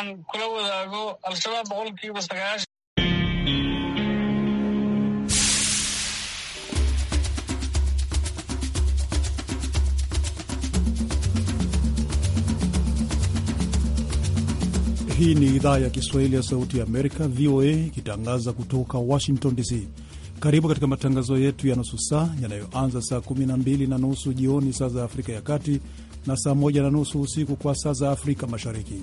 aan kula wadaago al-shabaab boqolkiiba sagaashan. Hii ni idhaa ya Kiswahili ya Sauti ya Amerika, VOA, ikitangaza kutoka Washington DC. Karibu katika matangazo yetu ya nusu saa yanayoanza saa 12 na nusu jioni saa za Afrika ya Kati na saa 1 na nusu usiku kwa saa za Afrika Mashariki.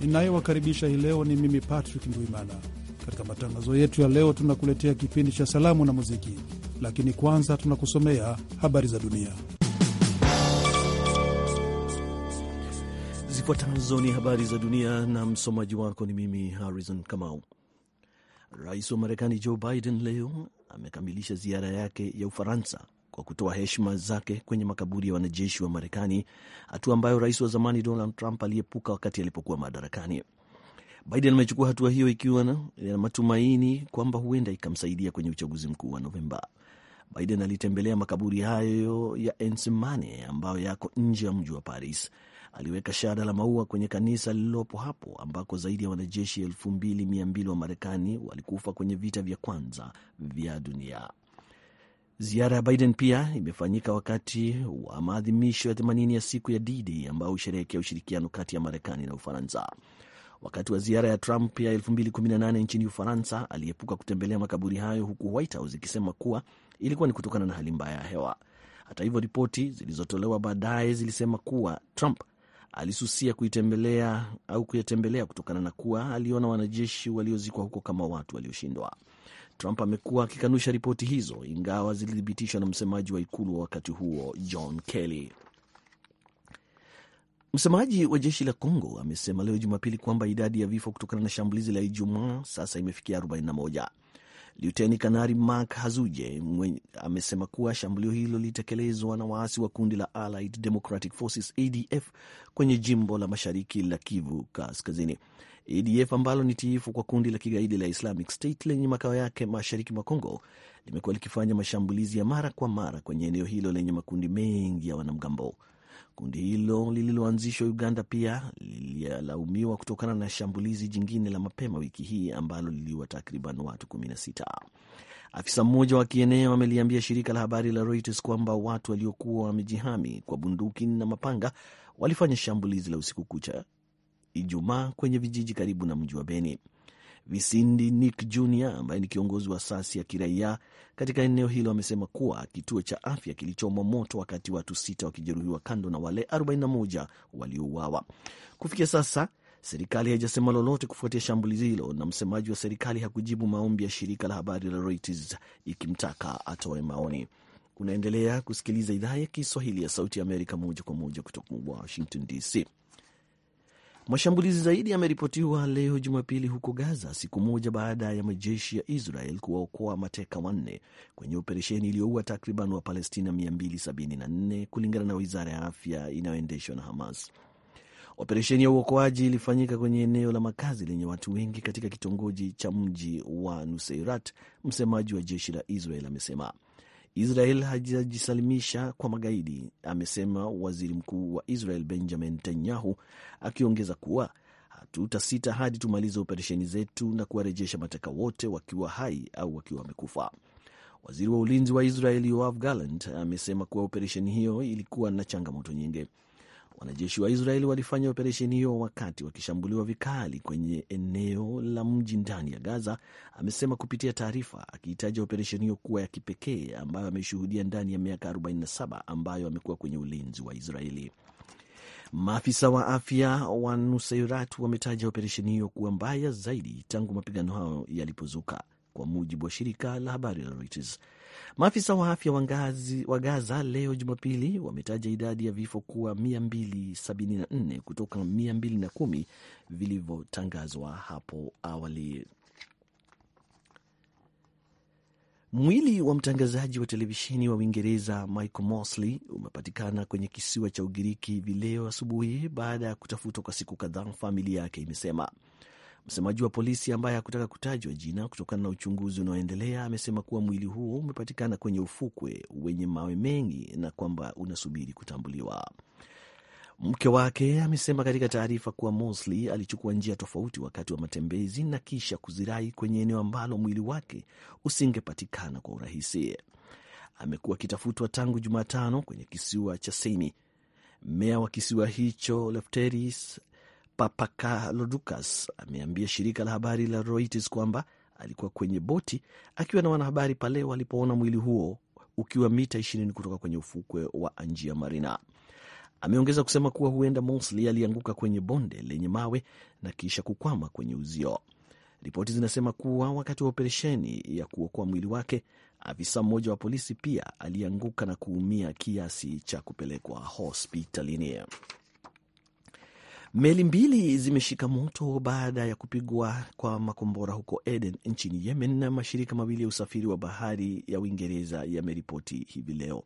ninayewakaribisha hii leo ni mimi Patrick Ndwimana. Katika matangazo yetu ya leo, tunakuletea kipindi cha salamu na muziki, lakini kwanza tunakusomea habari za dunia. Zifuatazo ni habari za dunia, na msomaji wako ni mimi Harrison Kamau. Rais wa Marekani Joe Biden leo amekamilisha ziara yake ya Ufaransa kwa kutoa heshima zake kwenye makaburi ya wanajeshi wa Marekani, hatua ambayo rais wa zamani Donald Trump aliepuka wakati alipokuwa madarakani. Biden amechukua hatua hiyo ikiwa na matumaini kwamba huenda ikamsaidia kwenye uchaguzi mkuu wa Novemba. Biden alitembelea makaburi hayo ya Ensemane ambayo yako nje ya mji wa Paris. Aliweka shada la maua kwenye kanisa lililopo hapo ambako zaidi ya wanajeshi 22 wa Marekani walikufa kwenye vita vya kwanza vya dunia. Ziara ya Biden pia imefanyika wakati wa maadhimisho ya 80 ya siku ya Didi ambayo husherehekea ushirikiano kati ya Marekani na Ufaransa. Wakati wa ziara ya Trump ya 2018 nchini Ufaransa, aliepuka kutembelea makaburi hayo, huku White House ikisema kuwa ilikuwa ni kutokana na hali mbaya ya hewa. Hata hivyo, ripoti zilizotolewa baadaye zilisema kuwa Trump alisusia kuitembelea au kuyatembelea kutokana na kuwa aliona wanajeshi waliozikwa huko kama watu walioshindwa. Trump amekuwa akikanusha ripoti hizo, ingawa zilithibitishwa na msemaji wa ikulu wa wakati huo John Kelly. Msemaji wa jeshi la Congo amesema leo Jumapili kwamba idadi ya vifo kutokana na shambulizi la Ijumaa sasa imefikia 41. Luteni Kanari Mark Hazuje mwenye, amesema kuwa shambulio hilo lilitekelezwa na waasi wa kundi la Allied Democratic Forces ADF kwenye jimbo la mashariki la Kivu Kaskazini. ADF e ambalo ni tiifu kwa kundi la kigaidi la Islamic State lenye makao yake mashariki mwa congo limekuwa likifanya mashambulizi ya mara kwa mara kwenye eneo hilo lenye makundi mengi ya wanamgambo. Kundi hilo lililoanzishwa Uganda pia lililaumiwa kutokana na shambulizi jingine la mapema wiki hii ambalo liliua takriban watu 16. Afisa mmoja wa kieneo ameliambia shirika la habari la Reuters kwamba watu waliokuwa wamejihami kwa bunduki na mapanga walifanya shambulizi la usiku kucha Ijumaa kwenye vijiji karibu na mji wa Beni. Visindi Nick Jr ambaye ni kiongozi wa asasi ya kiraia katika eneo hilo amesema kuwa kituo cha afya kilichomwa moto wakati watu sita wakijeruhiwa kando na wale 41 waliouawa. Kufikia sasa serikali haijasema lolote kufuatia shambulizi hilo, na msemaji wa serikali hakujibu maombi ya shirika la habari la Reuters ikimtaka atoe maoni. Unaendelea kusikiliza idhaa ya Kiswahili ya Sauti ya Amerika moja kwa moja kutoka Washington DC. Mashambulizi zaidi yameripotiwa leo Jumapili huko Gaza, siku moja baada ya majeshi ya Israel kuwaokoa mateka wanne kwenye operesheni iliyoua takriban Wapalestina 274 kulingana na wizara ya afya inayoendeshwa na Hamas. Operesheni ya uokoaji ilifanyika kwenye eneo la makazi lenye watu wengi katika kitongoji cha mji wa Nuseirat, msemaji wa jeshi la Israel amesema. Israel hajajisalimisha kwa magaidi, amesema waziri mkuu wa Israel Benjamin Netanyahu, akiongeza kuwa hatutasita hadi tumalize operesheni zetu na kuwarejesha mateka wote wakiwa hai au wakiwa wamekufa. Waziri wa ulinzi wa Israel Yoav Gallant amesema kuwa operesheni hiyo ilikuwa na changamoto nyingi. Wanajeshi wa Israeli walifanya operesheni hiyo wakati wakishambuliwa vikali kwenye eneo la mji ndani ya Gaza, amesema kupitia taarifa, akihitaja operesheni hiyo kuwa ya kipekee ambayo ameshuhudia ndani ya miaka 47 ambayo amekuwa kwenye ulinzi wa Israeli. Maafisa wa afya wa Nuseirat wametaja operesheni hiyo kuwa mbaya zaidi tangu mapigano hayo yalipozuka, kwa mujibu wa shirika la habari la Reuters. Maafisa wa afya wa Gaza leo Jumapili wametaja idadi ya vifo kuwa 274 kutoka 210 vilivyotangazwa hapo awali. Mwili wa mtangazaji wa televisheni wa Uingereza Michael Mosley umepatikana kwenye kisiwa cha Ugiriki vileo asubuhi baada ya kutafutwa kwa siku kadhaa, familia yake imesema. Msemaji wa polisi ambaye hakutaka kutajwa jina kutokana na uchunguzi unaoendelea amesema kuwa mwili huo umepatikana kwenye ufukwe wenye mawe mengi na kwamba unasubiri kutambuliwa. Mke wake amesema katika taarifa kuwa Mosley alichukua njia tofauti wakati wa matembezi na kisha kuzirai kwenye eneo ambalo mwili wake usingepatikana kwa urahisi. Amekuwa akitafutwa tangu Jumatano kwenye kisiwa cha Saini. Meya wa kisiwa hicho Lefteris Papakalodukas ameambia shirika la habari la Reuters kwamba alikuwa kwenye boti akiwa na wanahabari pale walipoona mwili huo ukiwa mita 20 kutoka kwenye ufukwe wa Anjia Marina. Ameongeza kusema kuwa huenda Mosley alianguka kwenye bonde lenye mawe na kisha kukwama kwenye uzio. Ripoti zinasema kuwa wakati wa operesheni ya kuokoa mwili wake, afisa mmoja wa polisi pia alianguka na kuumia kiasi cha kupelekwa hospitalini. Meli mbili zimeshika moto baada ya kupigwa kwa makombora huko Aden nchini Yemen, na mashirika mawili ya usafiri wa bahari ya Uingereza yameripoti hivi leo.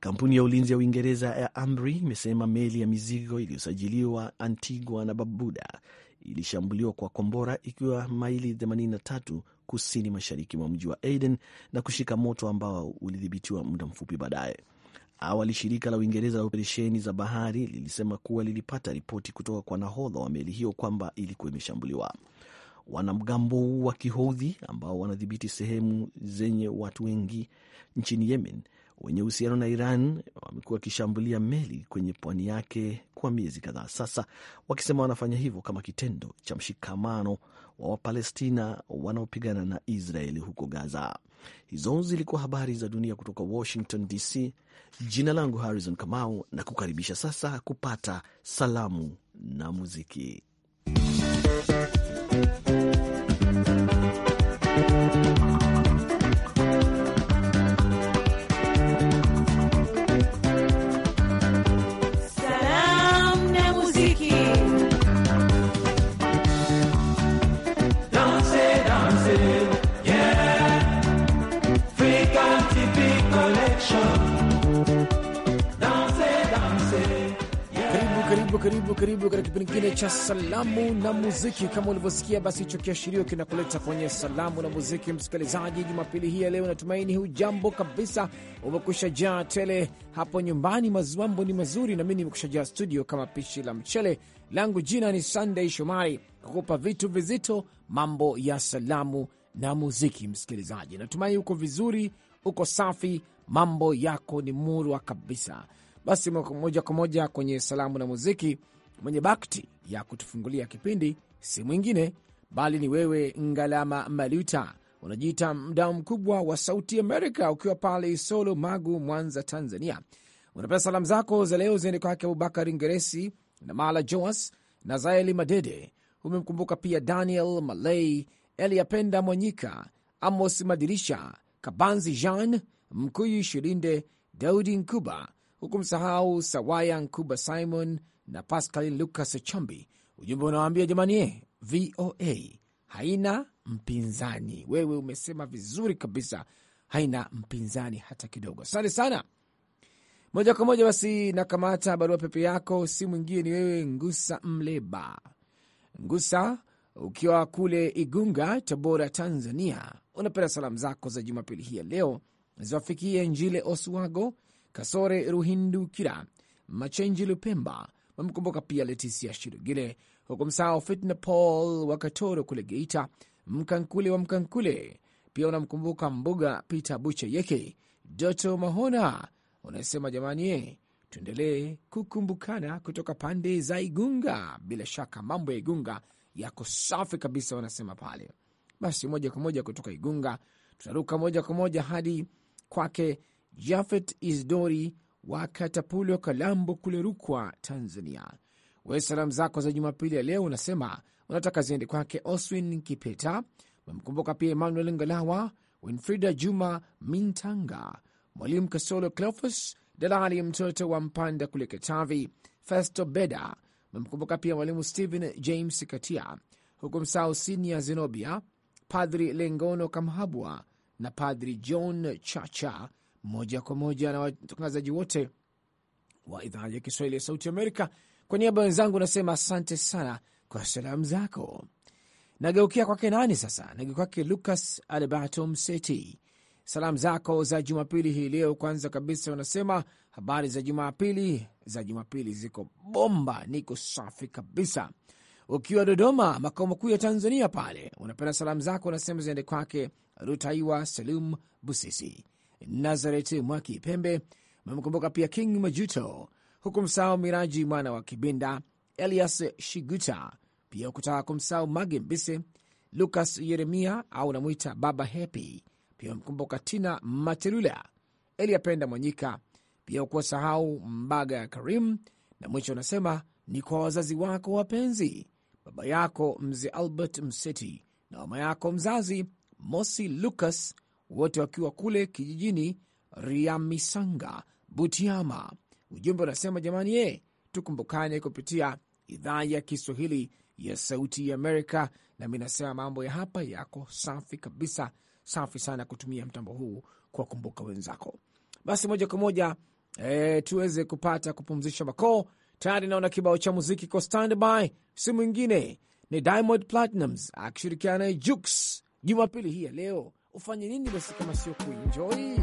Kampuni ya ulinzi ya Uingereza ya Amri imesema meli ya mizigo iliyosajiliwa Antigua na Barbuda ilishambuliwa kwa kombora ikiwa maili 83 kusini mashariki mwa mji wa Aden na kushika moto ambao ulidhibitiwa muda mfupi baadaye. Awali shirika la Uingereza la operesheni za bahari lilisema kuwa lilipata ripoti kutoka kwa nahodha wa meli hiyo kwamba ilikuwa imeshambuliwa. Wanamgambo wa Kihoudhi ambao wanadhibiti sehemu zenye watu wengi nchini Yemen wenye uhusiano na Iran wamekuwa wakishambulia meli kwenye pwani yake kwa miezi kadhaa sasa, wakisema wanafanya hivyo kama kitendo cha mshikamano wa Wapalestina wanaopigana na Israeli huko Gaza. Hizo zilikuwa habari za dunia kutoka Washington DC. Jina langu Harrison Kamau na kukaribisha sasa kupata salamu na muziki karibu karibu katika kipindi kingine cha salamu na muziki. Kama ulivyosikia, basi hicho kiashirio kinakuleta kwenye salamu na muziki. Msikilizaji, jumapili hii ya leo, natumaini hujambo kabisa, umekusha jaa tele hapo nyumbani, mambo ni mazuri, nami nimekusha jaa studio kama pishi la mchele langu. Jina ni Sunday Shomari, kukupa vitu vizito, mambo ya salamu na muziki. Msikilizaji, natumai uko vizuri, uko safi, mambo yako ni murwa kabisa. Basi moja kwa moja kwenye salamu na muziki. Mwenye bakti ya kutufungulia kipindi si mwingine bali ni wewe Ngalama Maluta, unajiita mdao mkubwa wa Sauti Amerika, ukiwa pale Isolo, Magu, Mwanza, Tanzania. Unapea salamu zako za leo ziende kwake Abubakar Ngeresi na Mala Joas na Zaeli Madede. Umemkumbuka pia Daniel Malay, Eliapenda Mwanyika, Amos Madirisha, Kabanzi Jean Mkuyu, Shirinde Daudi Nkuba huku msahau Sawaya Nkuba Simon na Pascal Lucas Chambi. Ujumbe unawaambia jamani, eh, VOA haina mpinzani. Wewe umesema vizuri kabisa, haina mpinzani hata kidogo. Asante sana. Moja kwa moja basi nakamata barua pepe yako, si mwingine ni wewe Ngusa Mleba Ngusa, ukiwa kule Igunga, Tabora, Tanzania. Unapenda salamu zako za Jumapili hii ya leo ziwafikie Njile Oswago, Kasore Ruhindukira, Machenji Lupemba wamemkumbuka pia Letisia Shirugile, huku msahau Fitna Paul wa Katoro kule Geita, Mkankule wa Mkankule pia unamkumbuka Mbuga Peter Bucheyeke, Doto Mahona unasema jamani, tuendelee kukumbukana kutoka pande za Igunga. Bila shaka mambo ya Igunga yako safi kabisa, wanasema pale. Basi moja kwa moja kutoka Igunga tutaruka moja kwa moja hadi kwake Jafet Isdori wa Katapulo, Kalambo kule Rukwa, Tanzania. we salamu zako za Jumapili ya leo unasema unataka ziende kwake Oswin Kipeta, umemkumbuka pia Emmanuel Ngalawa, Winfrida Juma Mintanga, Mwalimu Kasolo Clofus, Dalali, mtoto wa Mpanda kule Katavi, Festo Beda, umemkumbuka pia Mwalimu Stephen James Katia, huku msao Sinia Zenobia, Padri Lengono Kamhabwa na Padri John Chacha moja kwa moja na watangazaji wote wa idhaa ya Kiswahili ya Sauti Amerika. Kwa niaba ya wenzangu nasema asante sana kwa salamu zako. Nageukia kwake nani sasa? Nageukia kwake Lucas Alberto Mseti. Salamu zako za Jumapili hii leo, kwanza kabisa unasema habari za Jumapili. Za Jumapili ziko bomba, niko safi kabisa. Ukiwa Dodoma, makao makuu ya Tanzania pale, unapenda salamu zako unasema ziende kwake Rutaiwa Salum Busisi, Nazaret Mwaki Pembe, amemkumbuka pia King Majuto, huku msahau Miraji mwana wa Kibinda, Elias Shiguta, pia hukutaka kumsahau Mage Mbise, Lukas Yeremia au namwita Baba Hepi, pia amemkumbuka Tina Matelula, Eliapenda Mwanyika, pia sahau Mbaga ya Karim na mwisho unasema ni kwa wazazi wako wapenzi, baba yako mzee Albert Mseti na mama yako mzazi Mosi Lucas wote wakiwa kule kijijini Riamisanga, Butiama. Ujumbe unasema jamani, ye eh, tukumbukane kupitia idhaa ya Kiswahili ya Sauti ya Amerika. Nami nasema mambo ya hapa yako safi kabisa, safi sana kutumia mtambo huu kuwakumbuka wenzako. Basi moja kwa moja e, tuweze kupata kupumzisha makoo. Tayari naona kibao cha muziki kwa standby, si mwingine ni Diamond Platnumz akishirikiana na Jux. Jumapili hii ya leo ufanye nini basi kama sio kuenjoy?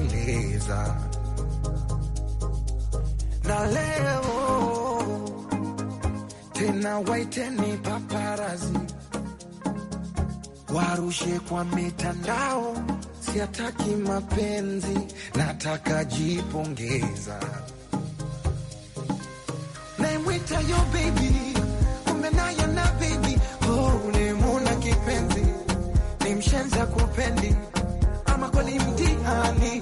naeleza na leo tena waiteni paparazi warushe kwa mitandao, siataki mapenzi, nataka jipongeza. Naimwita yo baby kumbe naye na baby oh, ulimuna kipenzi, ni mshenza kupendi duniani,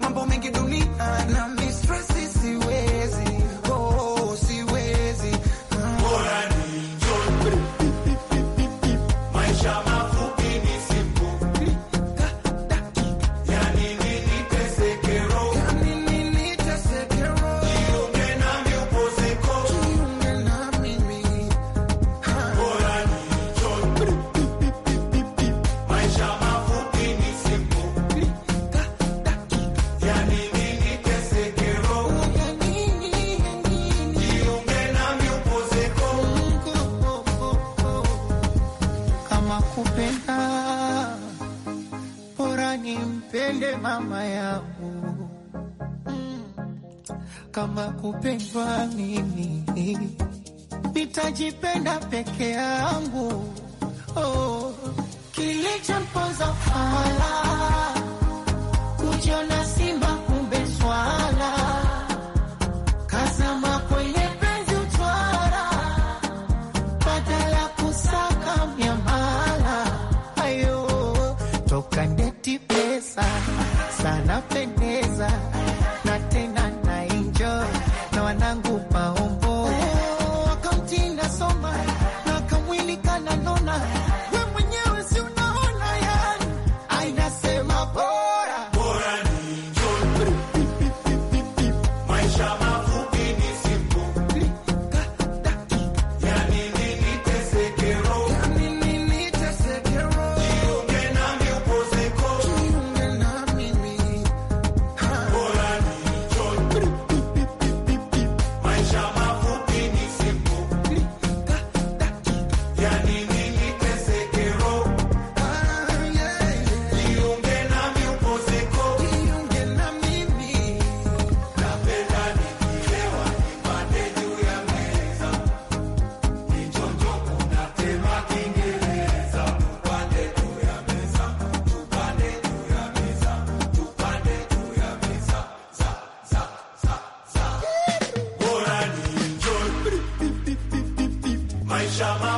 mambo mengi duniani na mistresi siwezi, oh, siwezi maisha nipende mama yangu kama kupendwa mimi nitajipenda peke yangu. Oh, kilichompoza fala kujiona nothing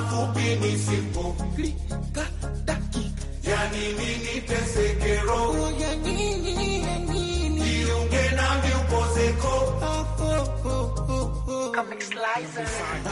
mafupi ni siku yani ya nini nitesekero ya na ya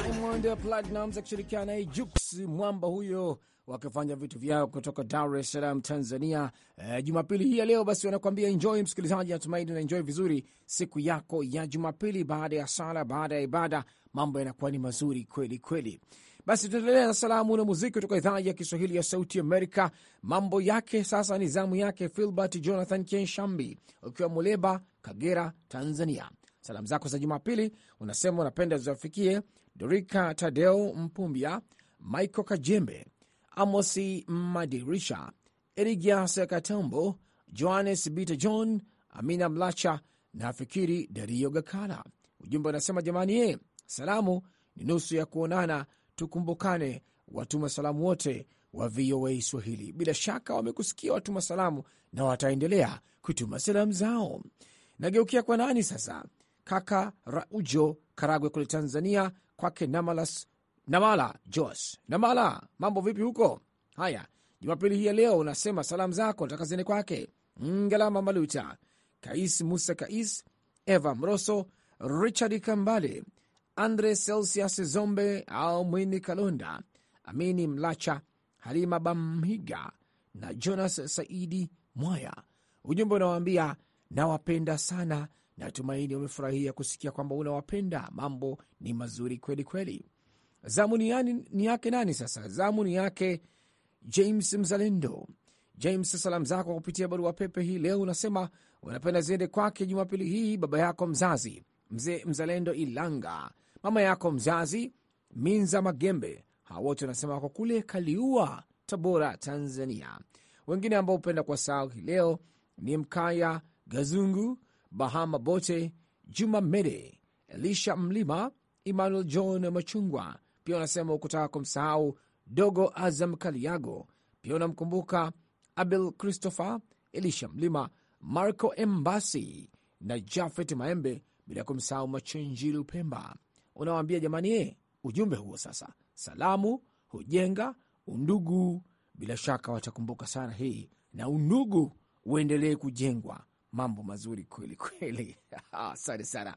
Diamond Platnumz akishirikiana naye Jux Mwamba huyo wakifanya vitu vyao kutoka Dar es Salaam, Tanzania. E, Jumapili hii ya leo basi wanakuambia enjoy, msikilizaji, natumaini na enjoy vizuri siku yako ya Jumapili. Baada ya sala, baada ya ibada, mambo yanakuwa ni mazuri kweli kweli. Basi tunaendelea na salamu na muziki kutoka idhaa ya Kiswahili ya Sauti Amerika. Mambo yake sasa ni zamu yake Filbert Jonathan Kenshambi, ukiwa Muleba, Kagera, Tanzania. Salamu zako za Jumapili unasema unapenda ziwafikie Dorika Tadeo Mpumbya, Michael Kajembe, Amosi Madirisha, Erigia Katambo, Johannes Bita, John Amina Mlacha na Fikiri Dario Gakala. Ujumbe unasema jamani, ye eh, salamu ni nusu ya kuonana tukumbukane, watuma salamu wote wa VOA Swahili. Bila shaka wamekusikia watuma salamu na wataendelea kutuma salamu zao. Nageukia kwa nani sasa? Kaka Raujo Karagwe kule Tanzania, kwake Namalas Namala Jos Namala, mambo vipi huko? Haya, Jumapili hii ya leo unasema salamu zako takazene kwake Ngalama Maluta, Kais Musa, Kais Eva Mroso, Richard Kambale, Andre Celsius Zombe au Mwini Kalonda, Amini Mlacha, Halima Bamhiga na Jonas Saidi Mwaya. Ujumbe unawaambia nawapenda sana, natumaini wamefurahia kusikia kwamba unawapenda. Mambo ni mazuri kweli kweli. Zamu ni, yani, ni yake nani sasa? Zamu ni yake James Mzalendo. James, salamu zako kupitia barua pepe hii leo unasema unapenda ziende kwake Jumapili hii baba yako mzazi mzee Mzalendo Ilanga mama yako mzazi Minza Magembe. Hawa wote wanasema wako kule Kaliua, Tabora, Tanzania. Wengine ambao hupenda kwa sahau hii leo ni Mkaya Gazungu, Bahama Bote, Juma Mede, Elisha Mlima, Emmanuel John Machungwa. Pia wanasema ukutaka kumsahau Dogo Azam Kaliago. Pia unamkumbuka Abel Christopher, Elisha Mlima, Marco Embasi na Jafet Maembe, bila kumsahau Machenjiru Pemba unawaambia jamani, e, ujumbe huo sasa. Salamu hujenga undugu, bila shaka watakumbuka sana hii, na undugu uendelee kujengwa. Mambo mazuri kweli kweli, asante sana.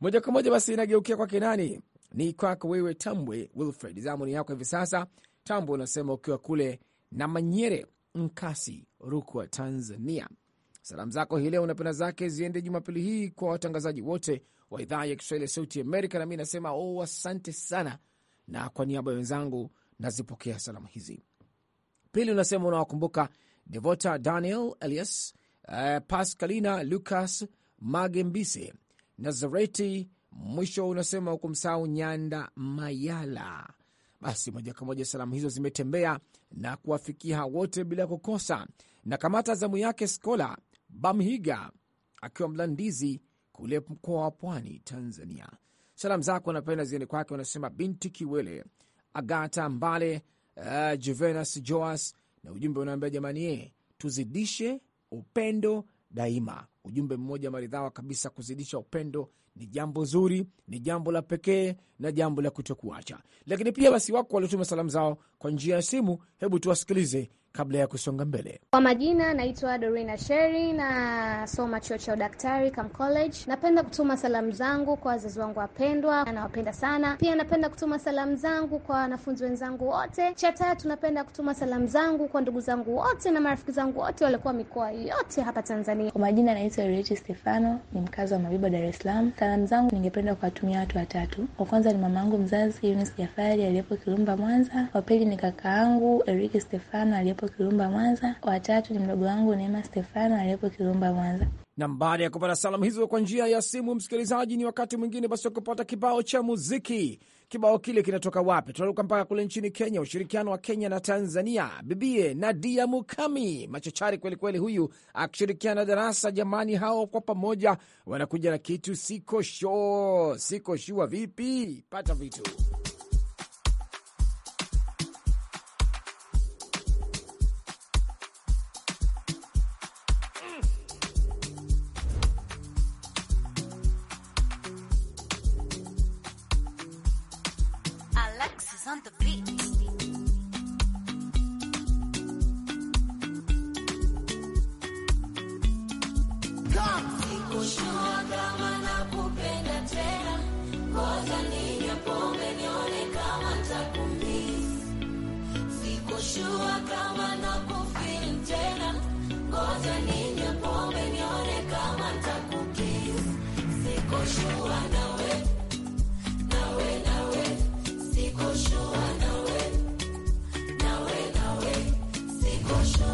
Moja kwa moja basi inageukia kwake nani, ni kwako wewe Tambwe Wilfred, zamuni yako hivi sasa. Tambwe unasema ukiwa kule na Manyere Nkasi, Rukwa, Tanzania. Salamu zako hii leo unapenda zake ziende Jumapili hii kwa watangazaji wote wa idhaa ya Kiswahili ya Sauti Amerika, nami nasema oh, asante sana, na kwa niaba ya wenzangu nazipokea salamu hizi. Pili unasema unawakumbuka Devota Daniel Elias, uh, eh, Pascalina Lucas Magembise, Nazareti. Mwisho unasema hukumsahau Nyanda Mayala. Basi moja kwa moja salamu hizo zimetembea na kuwafikia wote bila kukosa. Na kamata zamu yake Skola Bamhiga akiwa Mlandizi kule mkoa wa Pwani, Tanzania. Salamu zako anapenda ziende kwake, wanasema Binti Kiwele, Agata Mbale, uh, eh, Juvenas Joas, na ujumbe unaambia jamani, ye eh, tuzidishe upendo daima. Ujumbe mmoja maridhawa kabisa, kuzidisha upendo ni jambo zuri, ni jambo la pekee na jambo la kutokuacha. Lakini pia basi, wako waliotuma salamu zao kwa njia ya simu, hebu tuwasikilize kabla ya kusonga mbele. Kwa majina, naitwa Dorina Sheri, nasoma chuo cha udaktari Cam College. Napenda kutuma salamu zangu kwa wazazi wangu wapendwa, nawapenda sana. Pia napenda kutuma salamu zangu kwa wanafunzi wenzangu wote. Cha tatu, napenda kutuma salamu zangu kwa ndugu zangu wote na marafiki zangu wote waliokuwa mikoa yote hapa Tanzania. Kwa majina, naitwa Rechi Stefano, ni mkazi wa Mabibo, Dar es Salaam. Salamu zangu ningependa kuwatumia watu watatu. Wa kwanza ni mamaangu mzazi unis Jafari aliyepo Kilumba, Mwanza. Wa pili ni kaka angu Eriki Stefano aliyepo aliyepo Kirumba Mwanza, watatu ni mdogo wangu Neema Stefano aliyepo Kirumba Mwanza. Na baada ya kupata salamu hizo kwa njia ya simu, msikilizaji, ni wakati mwingine basi wa kupata kibao cha muziki. Kibao kile kinatoka wapi? Tunaruka mpaka kule nchini Kenya, ushirikiano wa Kenya na Tanzania, bibie Nadia Mukami machachari kwelikweli, huyu akishirikiana Darasa. Jamani, hao kwa pamoja wanakuja na kitu sikoshoo sikoshua Vipi pata vitu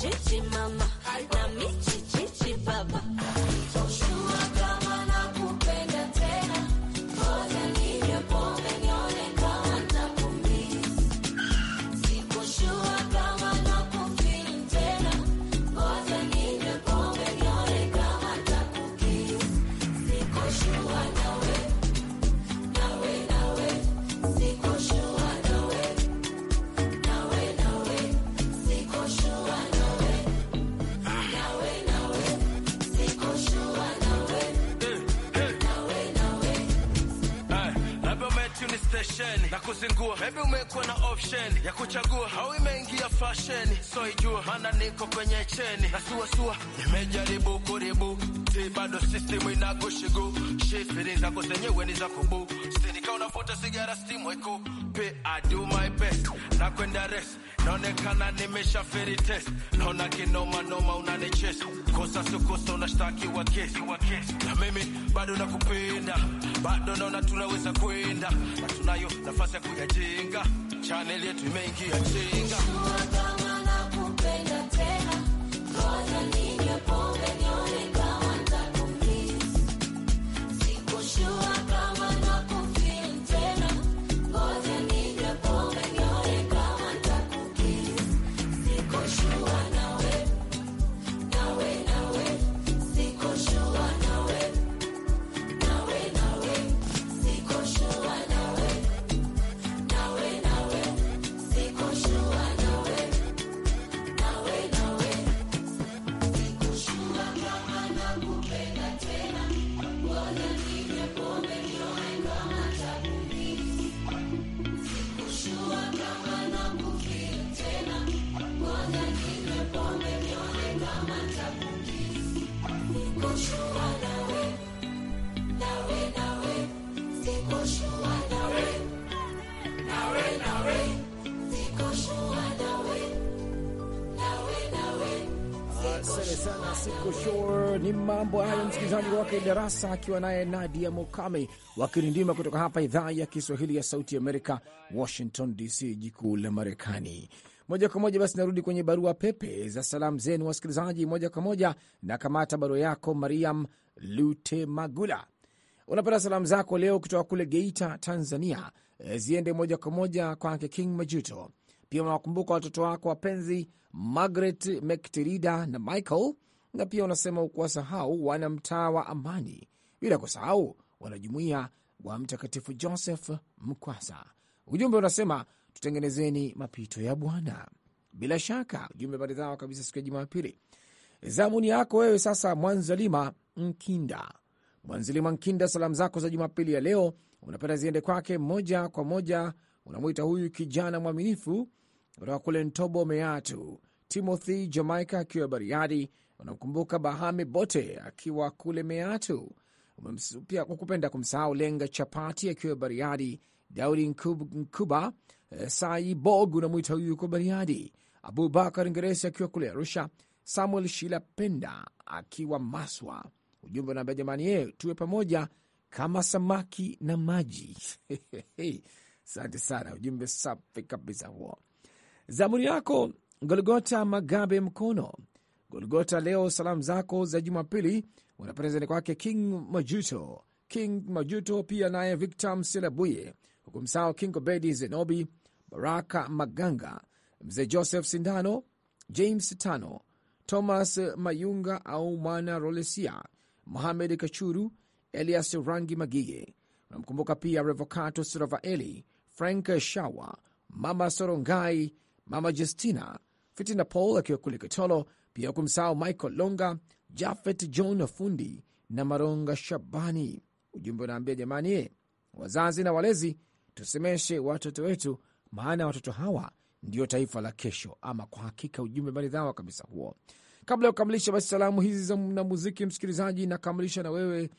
Gigi mama. kuwa maybe umekuwa na option ya kuchagua au imeingia fashion, so ijua mana niko kwenye cheni na suasua, nimejaribu kuribu si bado system inagushigu shifiri zako zenyewe ni za kubu sinika unavuta sigara steam weko pe I do my best na kwenda rest naonekana nimeshaferi test naona kinoma noma unanichesa kosa sio kosa, wa kesi wa kesi, na mimi bado nakupenda, bado naona tunaweza kwenda na tunayo nafasi ya kuyajenga. channel yetu imeingia chenga mambo hayo msikilizaji wake darasa akiwa naye Nadia Mokame wakirindima kutoka hapa idhaa ya Kiswahili ya Sauti Amerika, Washington DC, jikuu la Marekani. Moja kwa moja basi narudi kwenye barua pepe za salamu zenu wasikilizaji, moja kwa moja na kamata barua yako. Mariam Lute Magula, unapata salamu zako leo kutoka kule Geita, Tanzania, eh, ziende moja kwa moja kwake King Majuto. Pia unawakumbuka watoto wako wapenzi Margaret Mcterida na Michael na pia unasema ukuwasahau wana mtaa wa Amani, bila kusahau wanajumuiya wa Mtakatifu Joseph Mkwasa. Ujumbe unasema tutengenezeni mapito ya Bwana. Bila shaka ujumbe maridhawa kabisa siku ya Jumapili. Zamuni yako wewe sasa, Mwanzalima Mkinda. Mwanzalima Mkinda, salamu zako za Jumapili ya leo unapenda ziende kwake moja kwa moja, unamwita huyu kijana mwaminifu kutoka kule Ntobo Meatu, Timothy Jamaica akiwa Bariadi, Unamkumbuka Bahami Bote akiwa kule Meatu. Pia kupenda kumsahau Lenga Chapati akiwa Bariadi, Daudi Nkuba, eh, Sai Bog unamwita huyu yuko Bariadi, Abubakar Ngeresi akiwa kule Arusha, Samuel Shila Penda akiwa Maswa. Ujumbe unaambia jamani, ye eh, tuwe pamoja kama samaki na maji. Asante sana, ujumbe safi kabisa huo. Zamuni yako Golgota Magabe Mkono Golgota leo salamu zako za Jumapili wanapendezani kwake King Majuto, King Majuto pia naye Victor Mselabuye, huku msao King Obedi Zenobi, Baraka Maganga, mzee Joseph Sindano, James Tano, Thomas Mayunga au mwana Rolesia, Mohamed Kachuru, Elias Rangi Magige. Unamkumbuka pia Revocato Sravaeli, Frank Shawa, mama Sorongai, mama Justina Fitina Paul akiwa kule pia kumsahau Michael Longa, Jafet John Fundi na Maronga Shabani. Ujumbe unaambia jamani, ye wazazi na walezi, tusemeshe watoto wetu, maana watoto hawa ndio taifa la kesho. Ama kwa hakika ujumbe maridhawa kabisa huo. Kabla ya kukamilisha basi salamu hizi na muziki, msikilizaji, nakamilisha na wewe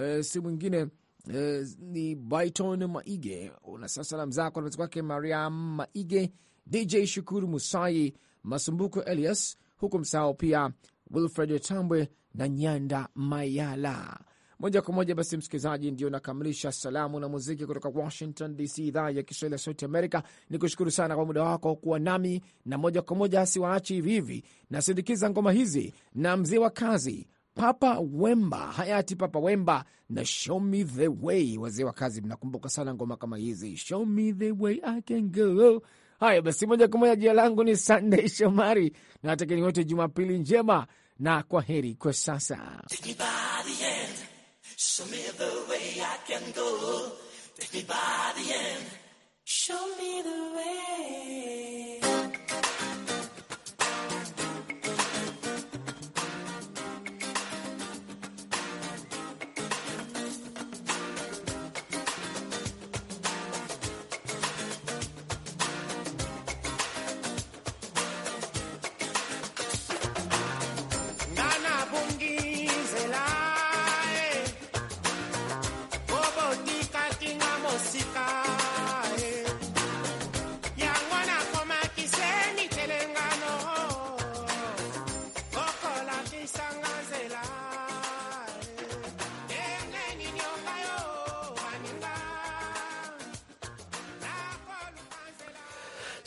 e, si mwingine e, ni Byton Maige. Unasema salamu zako na kwake Mariam Maige, DJ Shukuru Musai, Masumbuko Elias huku msahau pia Wilfred tambwe na Nyanda Mayala. Moja kwa moja basi, msikilizaji, ndio nakamilisha salamu na muziki kutoka Washington DC, idhaa ya Kiswahili ya Sauti Amerika. Ni kushukuru sana kwa muda wako kuwa nami, na moja kwa moja siwaachi hivi hivi, nasindikiza ngoma hizi na mzee wa kazi Papa Wemba, hayati Papa Wemba na show me the way. Wazee wa kazi, mnakumbuka sana ngoma kama hizi, show me the way I can go Haya basi, moja kwa moja, jina langu ni Sandey Shomari na watakieni wote Jumapili njema na kwa heri kwa sasa.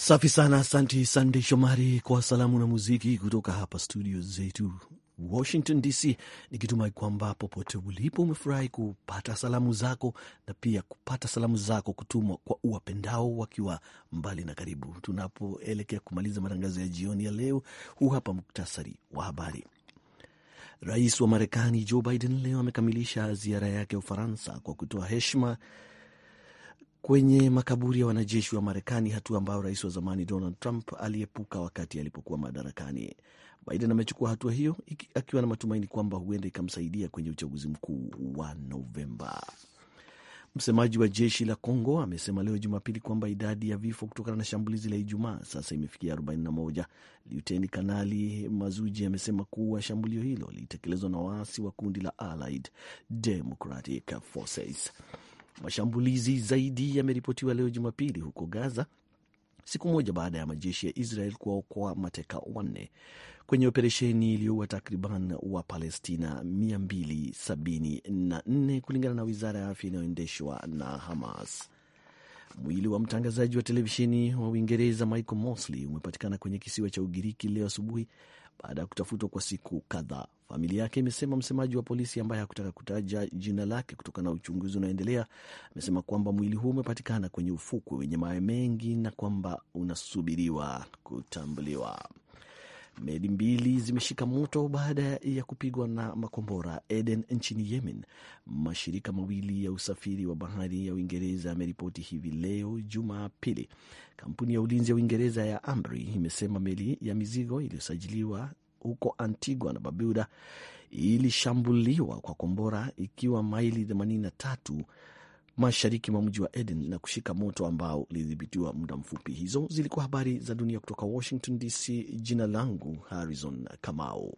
Safi sana, asanti Sandey Shomari kwa salamu na muziki kutoka hapa studio zetu Washington DC, nikitumai kwamba popote ulipo umefurahi kupata salamu zako na pia kupata salamu zako kutumwa kwa uwapendao wakiwa mbali na karibu. Tunapoelekea kumaliza matangazo ya jioni ya leo, huu hapa muktasari wa habari. Rais wa Marekani Joe Biden leo amekamilisha ziara yake ya Ufaransa kwa kutoa heshima kwenye makaburi ya wanajeshi wa Marekani, hatua ambayo rais wa zamani Donald Trump aliepuka wakati alipokuwa madarakani. Biden amechukua hatua hiyo akiwa na matumaini kwamba huenda ikamsaidia kwenye uchaguzi mkuu wa Novemba. Msemaji wa jeshi la Congo amesema leo Jumapili kwamba idadi ya vifo kutokana na shambulizi la Ijumaa sasa imefikia 41. Luteni Kanali Mazuji amesema kuwa shambulio hilo lilitekelezwa na waasi wa kundi la Allied Democratic Forces. Mashambulizi zaidi yameripotiwa leo Jumapili huko Gaza, siku moja baada ya majeshi ya Israel kuwaokoa mateka wanne kwenye operesheni iliyoua takriban wa Palestina 274 kulingana na wizara ya afya inayoendeshwa na Hamas. Mwili wa mtangazaji wa televisheni wa Uingereza Michael Mosley umepatikana kwenye kisiwa cha Ugiriki leo asubuhi baada ya kutafutwa kwa siku kadhaa Familia yake imesema. Msemaji wa polisi ambaye hakutaka kutaja jina lake kutokana na uchunguzi unaoendelea amesema kwamba mwili huo umepatikana kwenye ufukwe wenye mawe mengi na kwamba unasubiriwa kutambuliwa. Meli mbili zimeshika moto baada ya kupigwa na makombora Aden nchini Yemen, mashirika mawili ya usafiri wa bahari ya Uingereza yameripoti hivi leo Jumapili. Kampuni ya ulinzi ya Uingereza ya amri imesema meli ya mizigo iliyosajiliwa huko Antigua na Barbuda ilishambuliwa kwa kombora ikiwa maili 83 mashariki mwa mji wa Eden na kushika moto ambao ulidhibitiwa muda mfupi. Hizo zilikuwa habari za dunia kutoka Washington DC. Jina langu Harrison Kamau,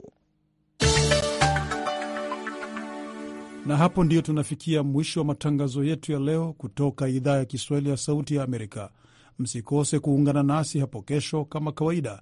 na hapo ndiyo tunafikia mwisho wa matangazo yetu ya leo kutoka idhaa ya Kiswahili ya Sauti ya Amerika. Msikose kuungana nasi hapo kesho kama kawaida